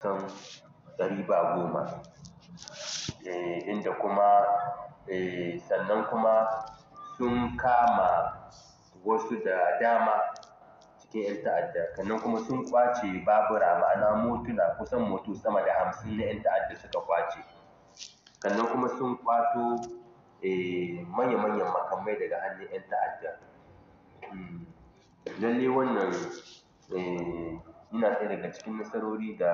kan ba goma eh inda kuma eh, sannan kuma sun kama wasu da dama cikin ‘yan ta'adda sannan kuma sun ƙwace babura ma'ana motuna kusan moto sama da hamsin na ‘yan ta'adda suka ƙwace sannan kuma sun ƙwato eh manya-manyan makamai daga hannun ‘yan ta'adda hmm, lallai wannan eh yana ɗaya daga cikin nasarori da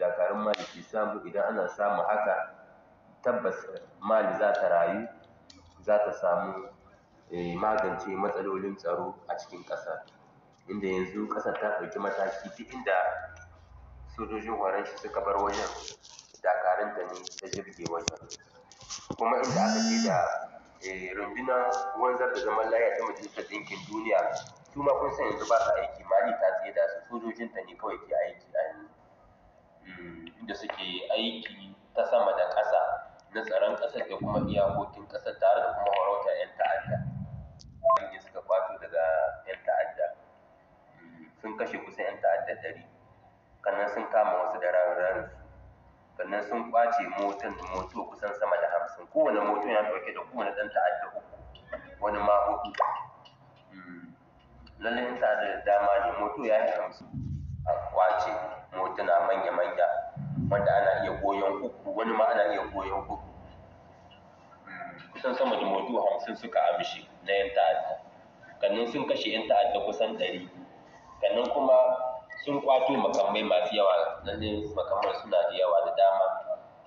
dakarun mali ke samu idan ana samu haka tabbas mali za ta rayu za ta samu eh, magance matsalolin tsaro a cikin ƙasa inda yanzu ƙasar ta ɗauki mataki duk inda sojojin horon shi suka bar wajen ta ne ta jirge wajen kuma inda aka ce da eh, rundunar wanzar da zaman lafiya ta majalisar ɗinkin duniya su ma kun san yanzu ba su aiki mali ta tsaye da su sojojinta ne kawai ke aiki Mm, da suke aiki ta sama da ƙasa na tsaron ƙasar da kuma iyakokin ƙasar tare da kuma warauta 'yan ta'adda ne suka kwato daga 'yan ta'adda mm, sun kashe kusan 'yan ta'adda ɗari kannan sun kama wasu da rarrarin su sannan sun kwace motan moto kusan sama da hamsin kowane moto yana ɗauke da kowane ɗan ta'adda uku wani ma hudu mm, lallai 'yan ta'adda da dama ne moto ya yi hamsin kwace motuna manya-manya wanda ana iya goyon uku wani ma ana iya goyon uku kusan sama da motu hamsin suka amshi na yan ta'adda kannan sun kashe yan ta'adda kusan ɗari kannan kuma sun kwato makamai masu yawa lalle makamai suna da yawa da dama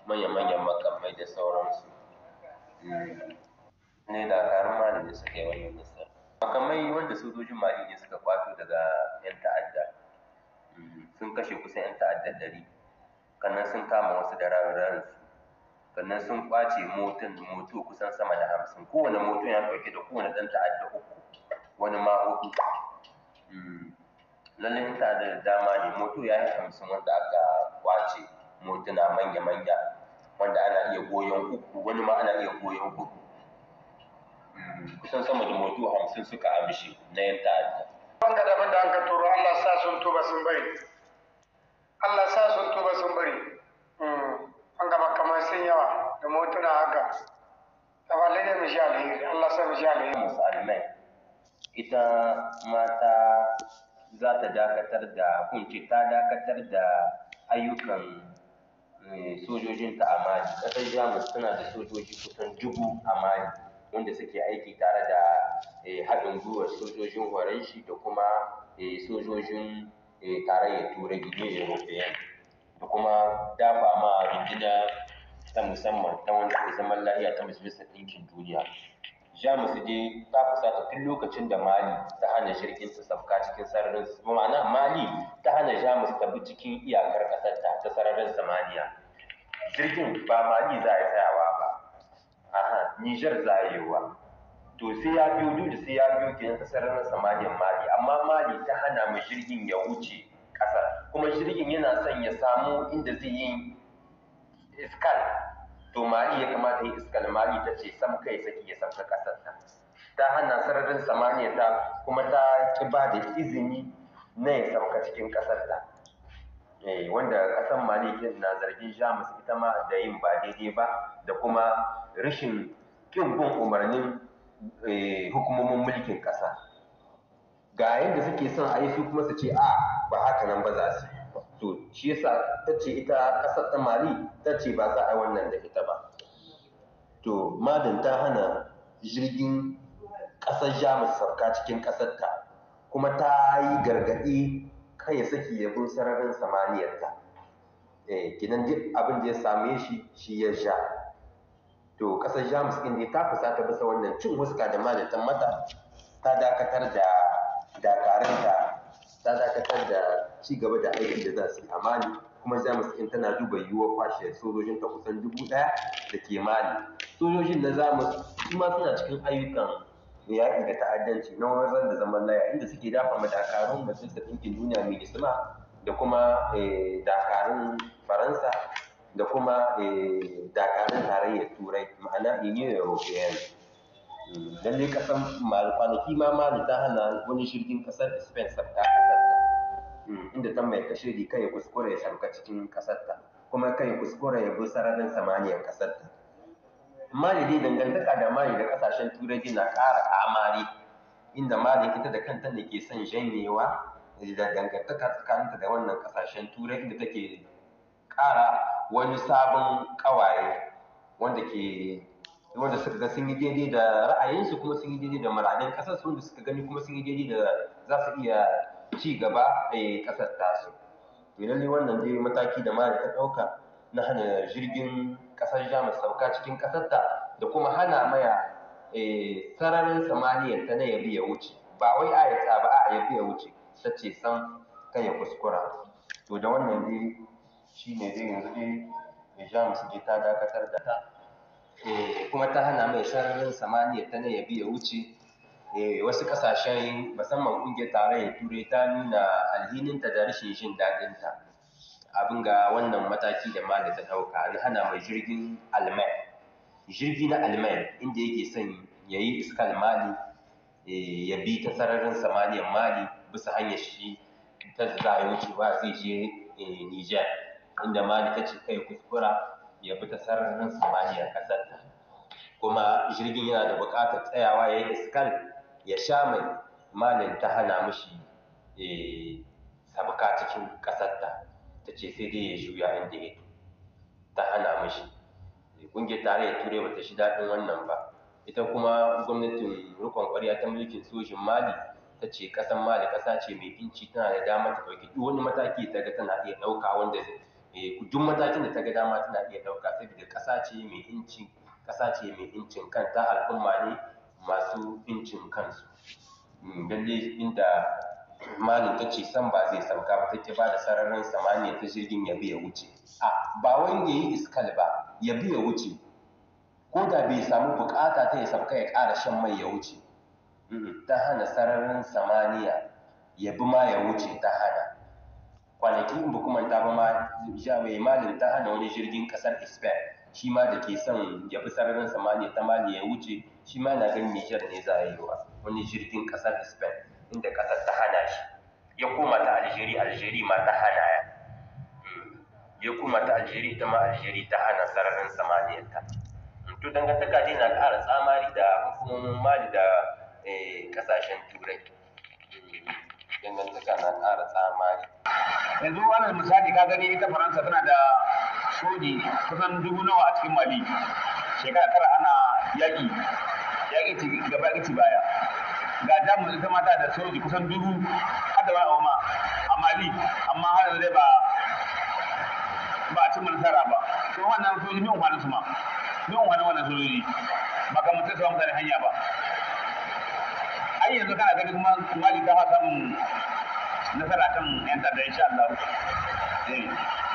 manya-manyan makamai da sauransu ne da karin malin da suka yi wannan nasara makamai wanda sojojin mali suka kwato daga sun kashe kusan 'yan ta'addar dari kannan sun kama wasu da rarrarsu kannan sun kwace motan moto kusan sama da hamsin kowane moto ya ɗauke da kowane ɗan ta'adda uku wani ma hudu hmm. lallai in ta'adda da dama ne moto ya yi hamsin wanda aka kwace motuna manya-manya wanda ana iya goyon uku wani ma ana iya goyon hudu hmm. kusan sama da moto hamsin suka amshi na yan ta'adda. Wanda daban da an ka turo Allah sa sun tuba sun bai. Allah sa sun tuba sun bari hmm. an gaba kamar sun yawa da motuna haka tafallai da mishi alheri Allah sa mu sha alheri misalai ita mata za ta dakatar da kunci ta dakatar da ayyukan eh, sojojinta a mali ƙasar jamus tana da sojoji kusan dubu a mali wanda suke aiki tare da eh, haɗin gwiwar sojojin horon da kuma eh, sojojin Eh, tarayyar turai union european da kuma dafa ma rundunar ta musamman ta wanda ke zaman lahiya ta majalisar ɗinkin duniya jamus dai ta ta tun lokacin da mali ta hana shirkin ta sauka cikin sararin ma'ana mali ta hana jamus ta bi cikin iyakar ƙasarta ta sararin samaniya jirgin ba mali za a tsayawa ba aha nijar za a yi wa to sai ya biyo duk da sai ya biyo kenan ta sararin samaniyar mali amma mali ta hana mu jirgin ya wuce kasa kuma jirgin yana son ya samu inda zai yi iskal to mali ya kamata yi iskal mali ta ce sam kai saki ya sauka ƙasar ta ta hana sararin samaniya ta kuma ta ki ba da izini na ya sauka cikin ƙasar ta eh, wanda ƙasar mali na zargin jamus ita ma da yin ba daidai ba da kuma rashin kin bin umarnin Eh, hukumomin mulkin ƙasa ga yadda suke son a yi su kuma su ce a ba haka nan ba za su to shi yasa ta ce ita ƙasar ta mali ta ce ba za a wannan da ita ba to madin ta hana jirgin ƙasar jamus sauka cikin ƙasar ta kuma ta yi gargaɗi kan ya saki ya bin sararin samaniyarta eh kinan duk abin da ya same shi shi ya sha to kasar jamus ɗin dai ta fusata bisa wannan cin wasu da ta mata ta dakatar da da ta dakatar da ci gaba da aikin da za su yi a mali kuma jamus ɗin tana duba yiwuwar kwashe sojojin ta kusan dubu ɗaya da ke mali sojojin na jamus su ma suna cikin ayyukan yaƙi da ta'addanci na wajen da zaman laya inda suke dafa ma dakarun majalisar ɗinkin duniya mai isma da kuma eh, dakarun faransa da kuma eh, dakarun tarayyar turai ma'ana union european hmm, lalle kasan kwanaki ma mali ta hana wani shirgin kasar spain sabta kasar ta hmm, inda ta mai kashe di kai kuskure ya sauka cikin kasarta, ta kuma kai kuskure ya bi sararin samaniyar kasar ta mali dai dangantaka da mali da kasashen turai na ƙara kamari inda mali ita da kanta ne ke son janyewa eh, da dangantaka tsakaninta da wannan kasashen turai inda take kara. wani sabon ƙawaye wanda ke wanda suka ga sun yi daidai da ra'ayinsu kuma sun yi daidai da muradin kasar su wanda suka gani kuma sun yi daidai da za su iya ci gaba a ƙasar tasu to lalle wannan dai mataki da ma ta ɗauka na hana jirgin kasar jamus sauka cikin kasar ta da kuma hana maya eh, sararin samaniyar ta na yabi ya wuce ba wai a ya ba a yabi ya wuce sace san kan ya kuskura to da wannan dai shi ne zai yanzu dai mai sha musu je ta dakatar da ta eh, kuma ta hana mai sararin samaniya ta ne ya biya wuce eh, wasu kasashen musamman kungiyar tarayyar turai ta nuna alhininta da rashin jin daɗinta abin ga wannan mataki da da ta ɗauka an hana mai jirgin almai jirgi na almai inda yake son ya yi iskal mali eh, ya bi ta sararin samaniyar mali bisa hanyar shi ta za a wucewa zai je inda malik ta ce kai kuskura ya bi ta sararin samaniyar kasar kuma jirgin yana da buƙatar tsayawa ya yi iskal ya sha mai malin ta hana mishi eh, sabuka cikin ƙasar ta ta ce sai dai ya juya inda ya ta hana mishi ƙungiyar tare turai ba ta shi daɗin wannan ba ita kuma gwamnatin rukun ƙwarya ta mulkin sojin mali ta ce ƙasar mali ƙasa ce mai inci tana da damar ta ɗauki duk wani mataki ta ga tana iya ɗauka wanda Eh, duk matakin da ta ga dama tana iya ɗauka saboda ƙasa ce mai incin ƙasa ce mai incin kanta al'umma ne masu incin kansu mm, lalle inda malin ta ce san ba zai sauka ba take ba da sararin samaniya ta jirgin ya biya wuce a ba wani ya yi iskal ba ya biya wuce ko da bai samu bukata ta ya sauka ya ƙara shan mai ya wuce ta hana sararin samaniya ya bi ma ya wuce ta hana kwanaki in ba kuma ta ba ma sha mai malin ta hana wani jirgin kasar spain shi ma da ke son ya fi sararin samaniya ta mali ya wuce shi ma na gan nijar ne za a yi wa wani jirgin kasar spain inda kasar ta hana shi ya koma ta algeria algeria ma ta hana ya hmm. ya koma ta algeria ita ma algeria ta hana sararin samaniya ta to dangantaka dai na ƙara tsamari da hukumomin mali da eh, kasashen turai hmm. dangantaka na ƙara tsamari yanzu wani misali ka gani ita faransa tana da soji kusan dubu nawa a cikin mali shekara tara ana yaƙi yaƙi ci gaba yaƙi ci baya ga jamus ita mata da soji kusan dubu hada da wani a mali amma har yanzu dai ba ba a cimma nasara ba to wannan soji ne wani su ma bin wani wannan sojoji ba ka mutu sa mutane hanya ba ai yanzu kana gani kuma mali ta samun nasara kan yan ta'adda insha Allah eh.